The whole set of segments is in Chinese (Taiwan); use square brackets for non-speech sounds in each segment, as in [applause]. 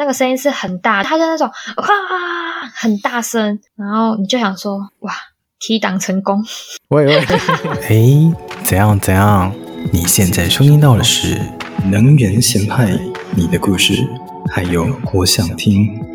那個聲音是很大，它是那種啊，很大聲，然後你就想說哇，提檔成功。喂喂，哎、 [laughs] 欸，怎樣怎樣？你現在收聽到的是《能櫞鹹派》你的故事，還有我想聽。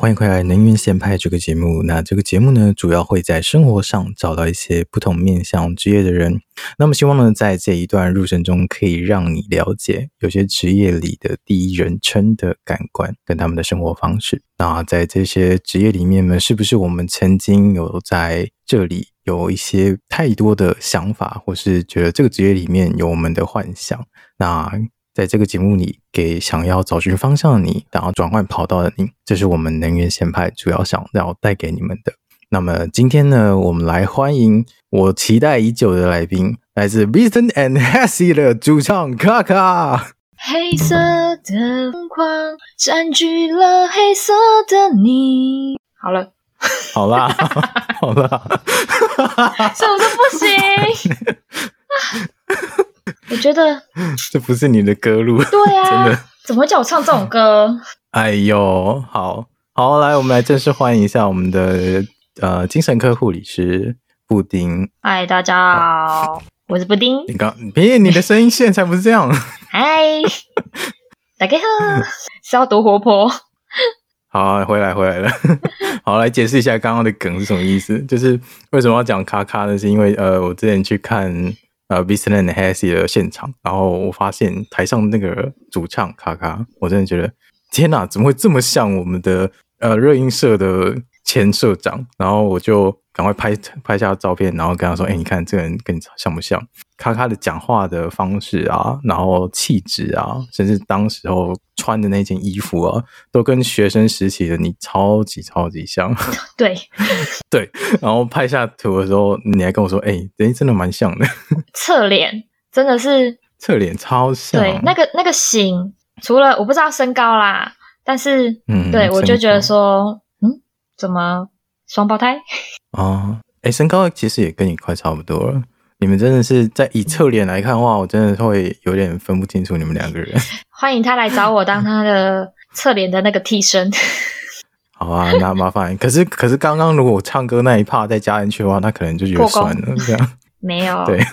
歡迎回來《能櫞鹹派》這個節目。那這個節目呢，主要會在生活上找到一些不同面向職業的人。那麼，希望呢，在這一段入深中，可以讓你了解有些職業裡的第一人稱的感官跟他們的生活方式。那在這些職業裡面呢，是不是我們曾經有在這裡有一些太多的想法，或是覺得這個職業裡面有我們的幻想？那在這個節目裡，給想要找尋方向的你，想要轉換跑道的你，這是我們能櫞鹹派主要想要帶給你們的。那麼今天呢，我們來歡迎我期待已久的來賓，來自 Bison and Hasey 的主唱卡卡。黑色的瘋狂占據了黑色的你。好了，好了，好了，什麼 [laughs] 不行？ [laughs] [laughs] 我覺得這不是你的歌路，對呀、啊， [laughs] 真的，怎麼會叫我唱這種歌？哎呦，好好來，我們來正式歡迎一下我們的呃精神科護理師布丁。嗨，大家好，好，我是布丁。你剛，剛，別，你的聲音現在才不是這樣。嗨， [laughs] 大家好，是要多活潑？好，回來回來了。 [laughs] 好，來解釋一下剛剛的梗是什麼意思？就是為什麼要講卡卡呢？是因為呃，我之前去看。呃 Vast & Hazy 的現場，然後我發現台上那個主唱卡卡，我真的覺得天哪、啊，怎麼會這麼像我們的呃熱音社的前社長？然後我就趕快拍拍下照片，然後跟他說：“哎、欸，你看這個人跟你像不像？卡卡的講話的方式啊，然後氣質啊，甚至當時候。”穿的那件衣服啊，都跟學生時期的你超級超級像。對 [laughs] 對，然後拍下圖的時候，你還跟我說：“哎、欸，誒、欸，真的蠻像的。 [laughs] ”側臉真的是側臉超像，對，那個那個型，除了我不知道身高啦，但是，嗯，對我就覺得說，高嗯，怎麼雙胞胎哦？哎、呃欸，身高其實也跟你快差不多了。你們真的是在以側臉來看的話，我真的會有點分不清楚你們兩個人。歡迎他來找我當他的側臉的那個替身。 [laughs] 好啊，那麻煩。可是，可是剛剛如果我唱歌那一趴再加進去的話，那可能就覺得破功了，這樣。沒有。對。 [laughs]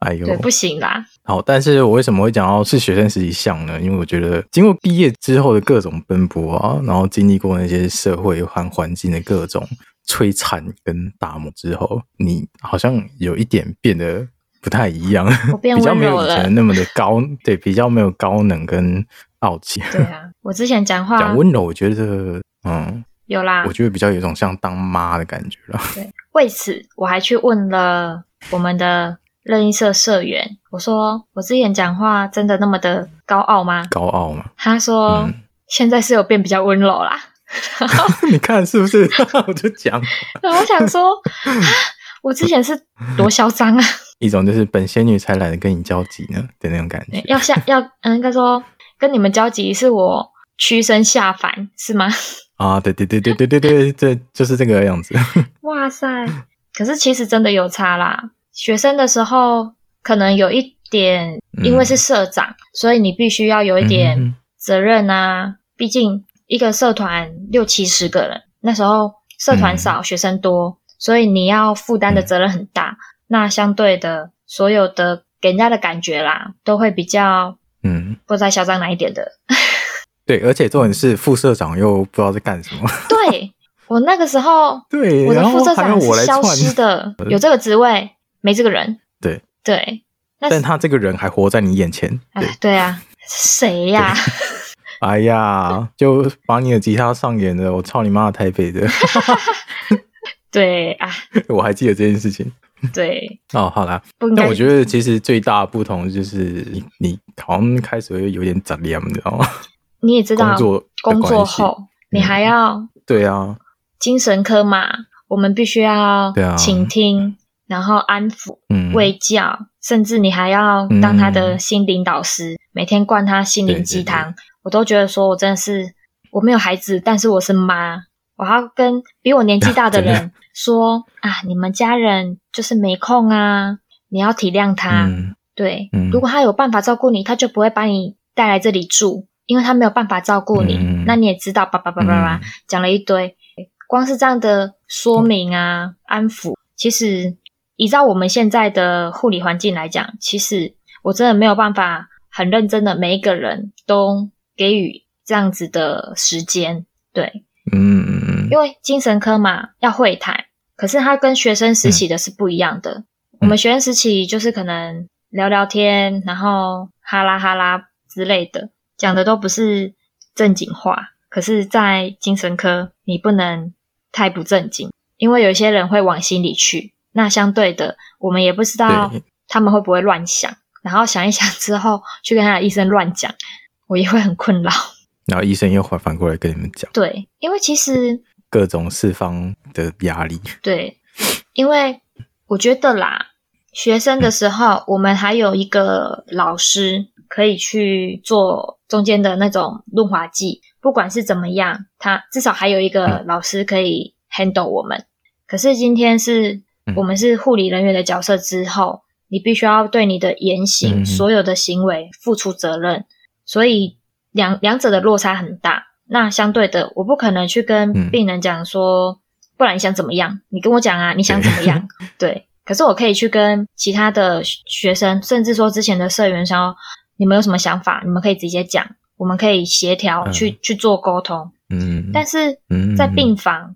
哎呦，不行啦。好，但是我為什麼會講到是學生時期像呢？因為我覺得經過畢業之後的各種奔波啊，然後經歷過那些社會和環境的各種摧殘跟打磨之後，你好像有一點變得。不太一樣，我變溫柔了。比較沒有以前那麼的高，對，比較沒有高冷跟傲氣。對啊，我之前講話講溫柔，我覺得嗯有啦，我覺得比較有一種像當媽的感覺了。對，為此我還去問了我們的任一社社員，我說我之前講話真的那麼的高傲嗎？高傲嗎？他說現在是有變比較溫柔啦。你看是不是？我就講，我想說啊，我之前是多囂張啊。一種就是本仙女才懶得跟你交集呢的那種感覺，要下要嗯，應該說，跟你們交集是我屈身下凡是嗎？啊，對對對對對對對，這 [laughs] 就是這個樣子。哇塞！可是其實真的有差啦，學生的時候可能有一點，因為是社長，嗯、所以你必須要有一點責任啊。嗯嗯，畢竟一個社團六七十個人，那時候社團少，嗯、學生多，所以你要負擔的責任很大。嗯那相對的，所有的給人家的感覺啦，都會比較嗯，不再囂張那一點的、嗯。對，而且重點是副社長，又不知道在幹什麼。對，我那個時候對，我的副社長還是消失的，有這個職位沒這個人。對對，對是但他這個人還活在你眼前。對、哎、對啊，誰呀、啊？哎呀，就把你的吉他上演了，我操你媽的，台北的。 [laughs] 對啊，我還記得這件事情。對哦，好啦，那我覺得其實最大的不同就是你，你你好像開始會有點雜念，你知道嗎？你也知道工作後，你還要、嗯、對啊，精神科嘛，我們必須要傾聽，啊、然後安撫、衛教、嗯，甚至你還要當他的心靈導師，嗯、每天灌他心靈雞湯。對對對，我都覺得說我真的是我沒有孩子，但是我是媽。我要跟比我年紀大的人說啊，真的。啊，你們家人就是沒空啊，你要體諒他。嗯、對，嗯、如果他有辦法照顧你，他就不會把你帶來這裡住，因為他沒有辦法照顧你。嗯、那你也知道，叭叭叭叭叭，講了一堆，光是這樣的說明啊，嗯、安撫。其實依照我們現在的護理環境來講，其實我真的沒有辦法很認真的每一個人都給予這樣子的時間。對。因為精神科嘛，要會談，可是他跟學生時期的是不一樣的。嗯、我們學生時期就是可能聊聊天，嗯、然後哈拉哈拉之類的，講的都不是正經話。可是，在精神科你不能太不正經，因為有一些人會往心裡去。那相對的，我們也不知道他們會不會亂想，對然後想一想之後去跟他的醫生亂講，我也會很困擾。然後醫生又會反過來跟你們講。對，因為其實。各種四方的壓力，對，因為我覺得啦，學生的時候，我們還有一個老師可以去做中間的那種潤滑劑，不管是怎麼樣，他至少還有一個老師可以 handle 我們。嗯。可是今天是我們是護理人員的角色之後，你必須要對你的言行，嗯，所有的行為付出責任，所以兩兩者的落差很大。那相對的，我不可能去跟病人講說，嗯、不然你想怎麼樣？你跟我講啊，你想怎麼樣？嗯、對。可是我可以去跟其他的學生，甚至說之前的社員，想要你們有什麼想法，你們可以直接講，我們可以協調、嗯、去去做溝通。嗯。但是，在病房、嗯嗯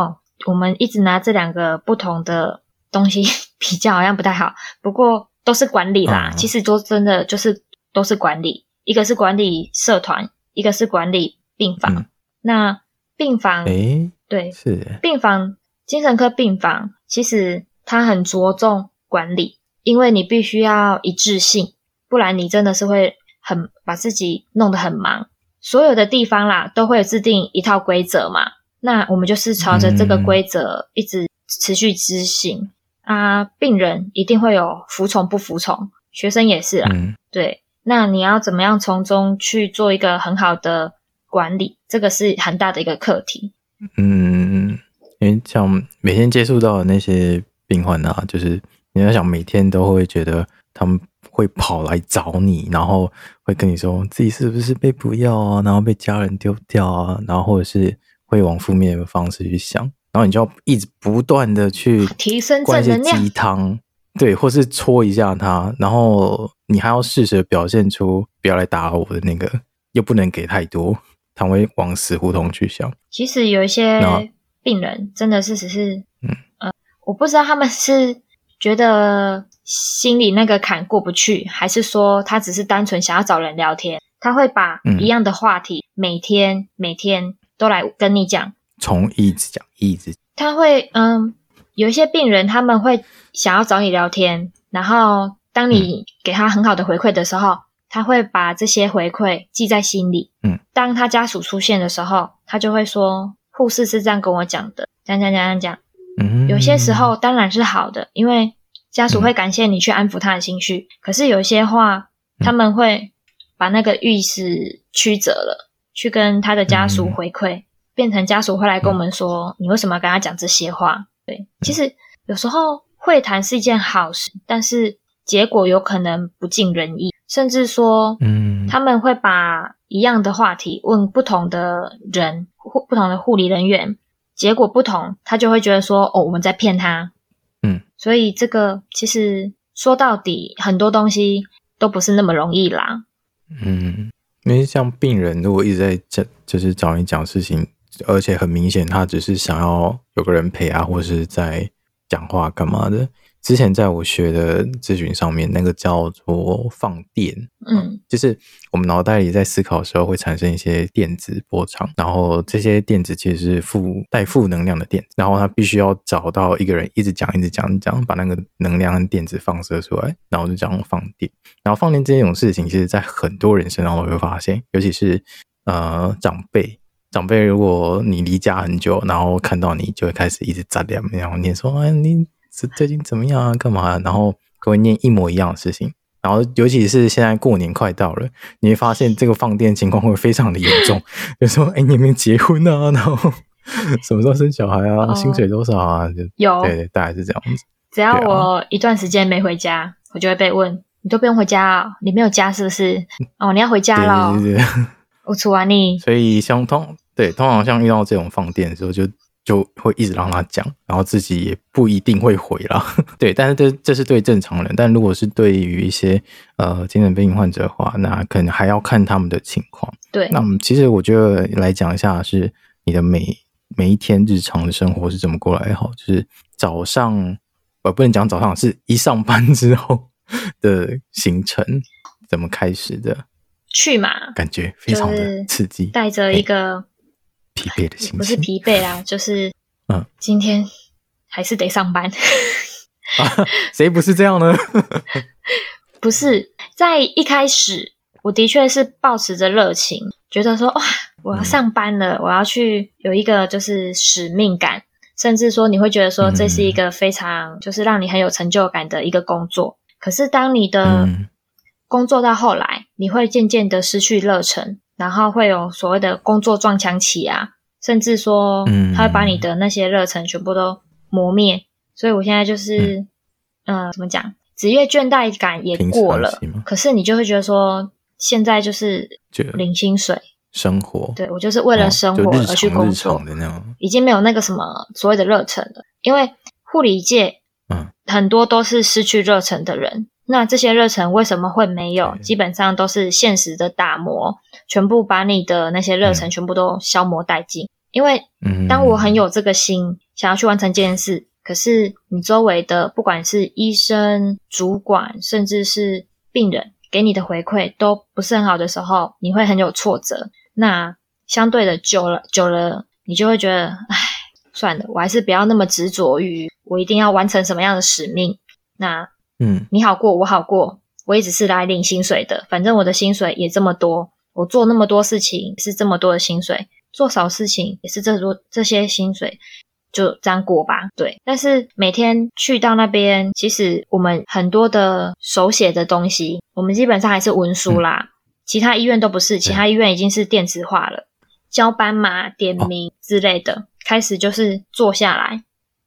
嗯、哦，我們一直拿這兩個不同的東西比較，好像不太好。不過都是管理啦，哦、其實都真的，就是都是管理，一個是管理社團，一個是管理。病房，嗯、那病房，誒對，是病房，精神科病房，其實它很着重管理，因為你必須要一致性，不然你真的是會很把自己弄得很忙。所有的地方啦，都會有制定一套規則嘛，那我們就是朝着這個規則一直持續執行、嗯、啊。病人一定會有服從不服從，學生也是啊，嗯、對，那你要怎麼樣從中去做一個很好的。管理，這個是很大的一個課題。嗯，因為像每天接觸到的那些病患啊，就是你要想每天都會覺得他們會跑來找你，然後會跟你說自己是不是被不要啊，然後被家人丟掉啊，然後或者是會往負面的方式去想，然後你就要一直不斷的去提升這些雞湯，對，或是戳一下他，然後你還要試着表現出不要來打我的那個，又不能給太多。他會往死胡同去想。其實有一些病人真的是只是，嗯呃，我不知道他們是覺得心裡那個坎過不去，還是說他只是單純想要找人聊天。他會把一樣的話題每天、嗯、每天都來跟你講，從一直講一直講。他會嗯、呃，有一些病人他們會想要找你聊天，然後當你給他很好的回饋的時候。嗯他會把這些回饋記在心裡。嗯，當他家屬出現的時候，他就會說：“護士是這樣跟我講的，講講講講講。”嗯，有些時候當然是好的，因為家屬會感謝你去安撫他的情緒。可是有些話，他們會把那個意思曲折了去跟他的家屬回饋，變成家屬會來跟我們說：“你為什麼要跟他講這些話？”對，其實有時候會談是一件好事，但是結果有可能不盡人意。甚至說，嗯，他們會把一樣的話題問不同的人或不同的護理人員，結果不同，他就會覺得說，哦，我們在騙他，嗯，所以這個其實說到底，很多東西都不是那麼容易啦，嗯，因為像病人如果一直在講，就是找你講事情，而且很明顯他只是想要有個人陪啊，或是在講話幹嘛的。之前在我學的諮詢上面，那個叫做放電，嗯，嗯，就是我們腦袋裡在思考的時候會產生一些電子波長，然後這些電子其實是負帶負能量的電子，然後他必須要找到一個人一直講一直講講，把那個能量和電子放射出來，然後就這樣放電。然後放電這種事情，其實在很多人身上我會發現，尤其是呃長輩，長輩如果你離家很久，然後看到你就會開始一直眨臉，然後你說啊、哎、你。是最近怎麼樣啊？幹嘛？啊，然後跟我念一模一樣的事情。然後，尤其是現在過年快到了，你會發現這個放電情況會非常的嚴重。有時候 [laughs] ：“誒你有沒結婚啊？然後什麼時候生小孩啊？哦、薪水多少啊？”就有，對對，大概是這樣子。只要我一段時間沒回家，我就會被問：“啊、你都不用回家啊、哦？你沒有家是不是？”哦，你要回家了。對對對我處完你，所以相通對，通常像遇到這種放電的時候就。就會一直讓他講，然後自己也不一定會回了。 [laughs] 對，但是這這是對正常人，但如果是對於一些呃精神病患者的話，那可能還要看他們的情況。對，那我們其實我覺得來講一下，是你的每每一天日常的生活是怎麼過來好？就是早上，我不能講早上，是一上班之後的行程怎麼開始的？去嘛，感覺非常的刺激，就是、帶着一個。疲憊的心情，不是疲憊啦、啊，就是嗯，今天還是得上班。誰 [laughs] 不是這樣呢？不是在一開始，我的確是抱持着熱情，覺得說哇，我要上班了，嗯、我要去有一個就是使命感，甚至說你會覺得說這是一個非常就是讓你很有成就感的一個工作。可是當你的工作到後來，你會漸漸的失去熱忱。然後會有所謂的工作撞牆期啊，甚至說，他會把你的那些熱忱全部都磨滅。嗯、所以我現在就是，嗯、呃，怎麼講，職業倦怠感也過了，可是你就會覺得說，現在就是領薪水生活，對，我就是為了生活而去工作日常，日常那，已經沒有那個什麼所謂的熱忱了，因為護理界，嗯，很多都是失去熱忱的人。嗯那這些熱忱為什麼會沒有？基本上都是現實的打磨，對全部把你的那些熱忱全部都消磨殆盡。嗯、因為，當我很有這個心想要去完成這件事，可是你周圍的不管是醫生、主管，甚至是病人給你的回饋都不是很好的時候，你會很有挫折。那相對的，久了久了，你就會覺得，唉，算了，我還是不要那麼執着於我一定要完成什麼樣的使命。那。嗯，你好過，我好過。我一直是來領薪水的，反正我的薪水也這麼多。我做那麼多事情是這麼多的薪水，做少事情也是這多這些薪水，就這樣過吧。對。但是每天去到那邊，其實我們很多的手寫的東西，我們基本上還是文書啦。嗯、其他醫院都不是，其他醫院已經是電子化了。交班嘛，點名之類的，哦、開始就是坐下來，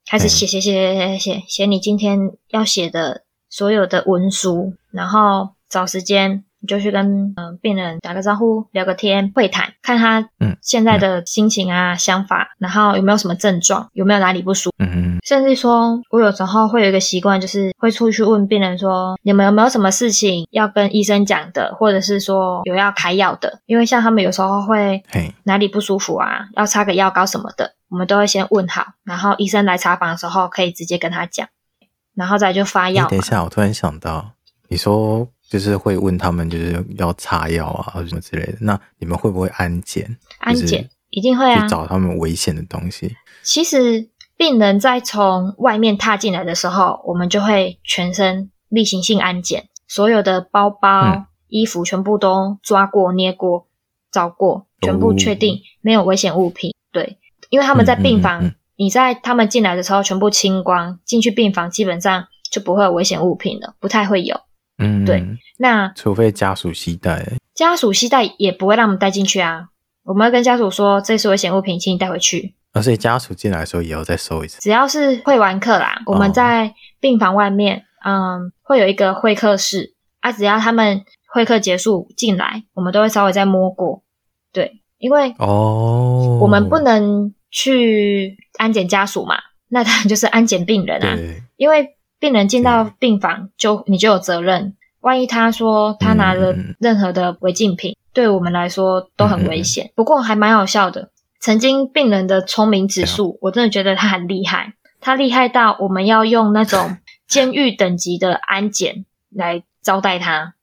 開始寫寫寫寫寫寫，寫你今天要寫的。所有的文書，然後找時間你就去跟嗯、呃、病人打個招呼，聊個天，會談，看他嗯現在的心情啊想法，然後有沒有什麼症狀，有沒有哪裡不舒服，嗯，嗯，甚至說我有時候會有一個習慣，就是會出去問病人說你們有沒有什麼事情要跟醫生講的，或者是說有要開藥的，因為像他們有時候會哪裡不舒服啊，要擦個藥膏什麼的，我們都會先問好，然後醫生來查房的時候可以直接跟他講。然後再就發藥、欸。等一下，我突然想到，你說就是會問他們，就是要擦藥啊，或什麼之類的。那你們會不會安檢？安檢一定會啊，去找他們危險的東西。啊、其實病人在從外面踏進來的時候，我們就會全身例行性安檢，所有的包包、嗯、衣服全部都抓過、捏過、找過，全部確定沒有危險物品。哦、對，因為他們在病房。嗯嗯嗯你在他們進來的時候全部清光，進去病房基本上就不會有危險物品了，不太會有。嗯，對，那除非家屬攜帶，家屬攜帶也不會讓我們帶進去啊。我們會跟家屬說這是危險物品，請你帶回去。而且、啊、家屬進來的時候也要再搜一次。只要是會完客啦，我們在病房外面，哦、嗯，會有一個會客室啊，只要他們會客結束進來，我們都會稍微再摸過。對，因為哦，我們不能、哦。去安檢家屬嘛，那他就是安檢病人啊。對因為病人進到病房就、嗯、你就有責任，萬一他說他拿了任何的違禁品，嗯、對我們來說都很危險。嗯、不過還蠻好笑的，曾經病人的聰明指數，樣我真的覺得他很厲害，他厲害到我們要用那種監獄等級的安檢來招待他。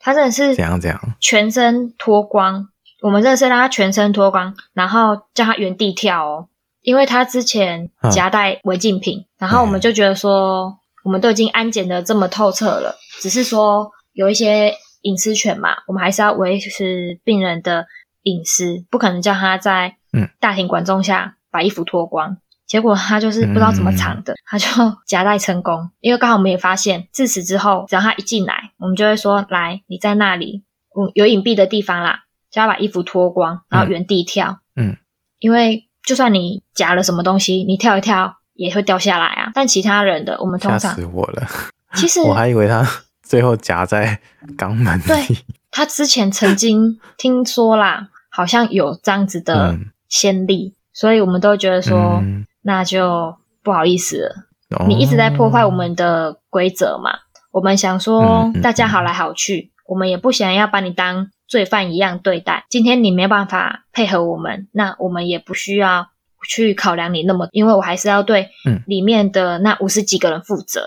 他真的是怎樣怎樣？全身脫光。我們認識，讓他全身脫光，然後叫他原地跳，哦，因為他之前夾帶違禁品，哦、然後我們就覺得說，嗯、我們都已經安檢的這麼透徹了，只是說有一些隱私權嘛，我們還是要維持病人的隱私，不可能叫他在大庭廣眾下把衣服脫光。嗯、結果他就是不知道怎麼藏的，嗯、他就夾帶成功，因為剛好我們也發現，自此之後，只要他一進來，我們就會說，來，你在那裡，嗯、有隱蔽的地方啦。就要把衣服脫光，然後原地跳。嗯，嗯因為就算你夾了什麼東西，你跳一跳也會掉下來啊。但其他人的，我們通常嚇死我了。其實我還以為他最後夾在肛門裡。對，他之前曾經聽說啦， [laughs] 好像有這樣子的先例，嗯、所以我們都覺得說，嗯、那就不好意思了。哦、你一直在破壞我們的規則嘛？我們想說，嗯嗯、大家好來好去。我們也不想要把你當罪犯一樣對待。今天你沒有辦法配合我們，那我們也不需要去考量，你那麼，因為我還是要對裡面的那五十幾個人負責。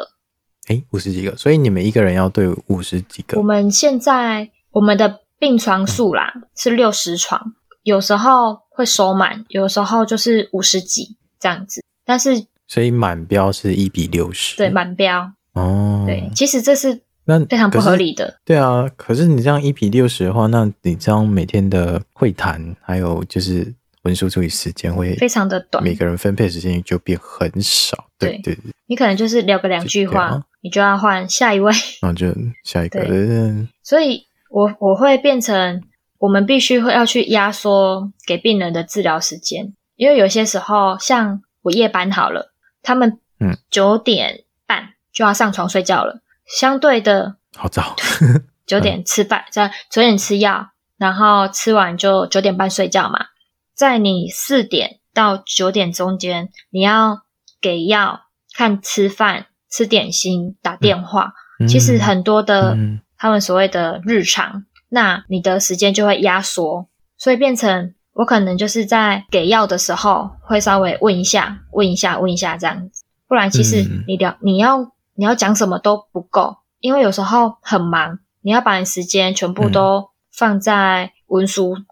哎、嗯，五十幾個，所以你們一個人要對五十幾個。我們現在我們的病床數啦、嗯、是六十床，有時候會收滿，有時候就是五十幾這樣子。但是，所以滿標是一比六十，對，滿標哦。對，其實這是。那非常不合理的，對啊。可是你這樣一比六十的話，那你這樣每天的會談，還有就是文書處理時間會非常的短，每個人分配時間就變很少。對對對，對，你可能就是聊個兩句話，就啊、你就要換下一位，那就下一個。對對所以我，我我會變成我們必須會要去壓縮給病人的治療時間，因為有些時候，像我夜班好了，他們嗯九點半就要上床睡覺了。嗯相對的，好早， [laughs] 九點吃飯，再、嗯、九點吃藥，然後吃完就九點半睡覺嘛。在你四點到九點中間，你要給藥、看吃飯、吃點心、打電話。嗯、其實很多的、嗯、他們所謂的日常，嗯、那你的時間就會壓縮，所以變成我可能就是在給藥的時候會稍微問一下、問一下、問一下、問一下這樣子。不然其實你聊，嗯、你要。你要講什麼都不夠，因為有時候很忙，你要把你時間全部都放在文書，嗯、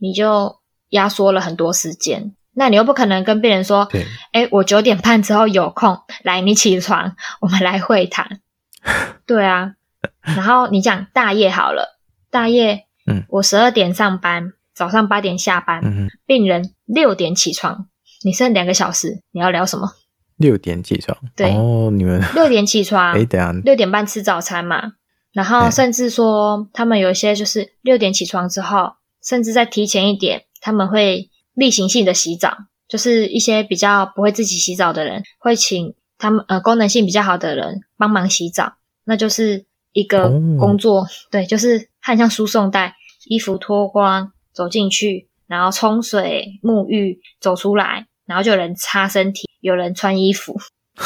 你就壓縮了很多時間。那你又不可能跟病人說：“哎對，我九點半之後有空，來你起床，我們來會談。” [laughs] 對啊，然後你講大夜好了，大夜，嗯、我十二點上班，早上八點下班，嗯、哼病人六點起床，你剩兩個小時，你要聊什麼？六點起床，對、哦，你們六點起床，哎、欸，等下六點半吃早餐嘛。然後甚至說，欸、他們有一些就是六點起床之後，甚至再提前一點，他們會例行性的洗澡。就是一些比較不會自己洗澡的人，會請他們呃功能性比較好的人幫忙洗澡。那就是一個工作，哦、對，就是很像輸送帶，衣服脫光走進去，然後沖水沐浴，走出來，然後就有人擦身體。有人穿衣服， [laughs]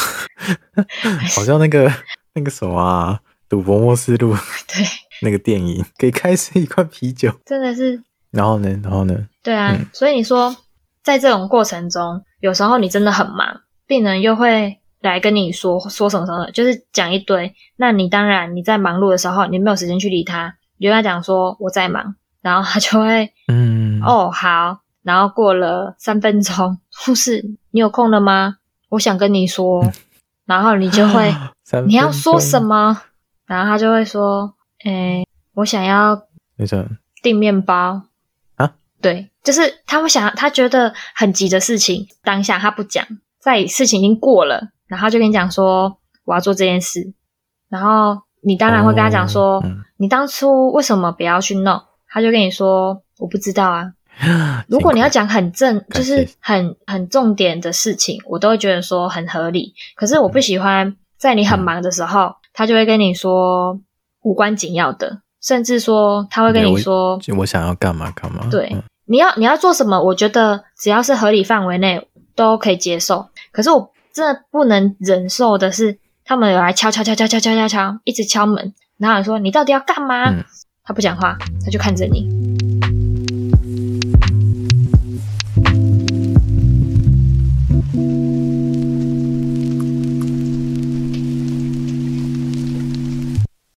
好像那個那個什麼啊，賭博默示錄， [laughs] 對，那個電影可以開始一塊啤酒，真的是。然後呢？然後呢？對啊，嗯、所以你說，在這種過程中，有時候你真的很忙，病人又會來跟你說說什麼什麼的，就是講一堆。那你當然你在忙碌的時候，你沒有時間去理他，你就跟他講說我在忙，然後他就會嗯哦好。然後過了三分鐘，護士，你有空了嗎？我想跟你說。 [laughs] 然後你就會， [laughs] 鐘你要說什麼？然後他就會說：“誒、欸、我想要訂麵包啊。”對，就是他會想，他覺得很急的事情，當下他不講，在事情已經過了，然後就跟你講說：“我要做這件事。”然後你當然會跟他講說：“哦嗯、你當初為什麼不要去弄？”他就跟你說：“我不知道啊。”如果你要講很正，就是很很重點的事情，我都會覺得說很合理。可是我不喜歡在你很忙的時候，他就會跟你說無關緊要的，甚至說他會跟你說我想要幹嘛幹嘛。對，你要你要做什麼？我覺得只要是合理範圍內都可以接受。可是我真的不能忍受的是，他們有來敲敲敲敲敲敲敲敲，一直敲門，然後你說你到底要幹嘛？他不講話，他就看着你。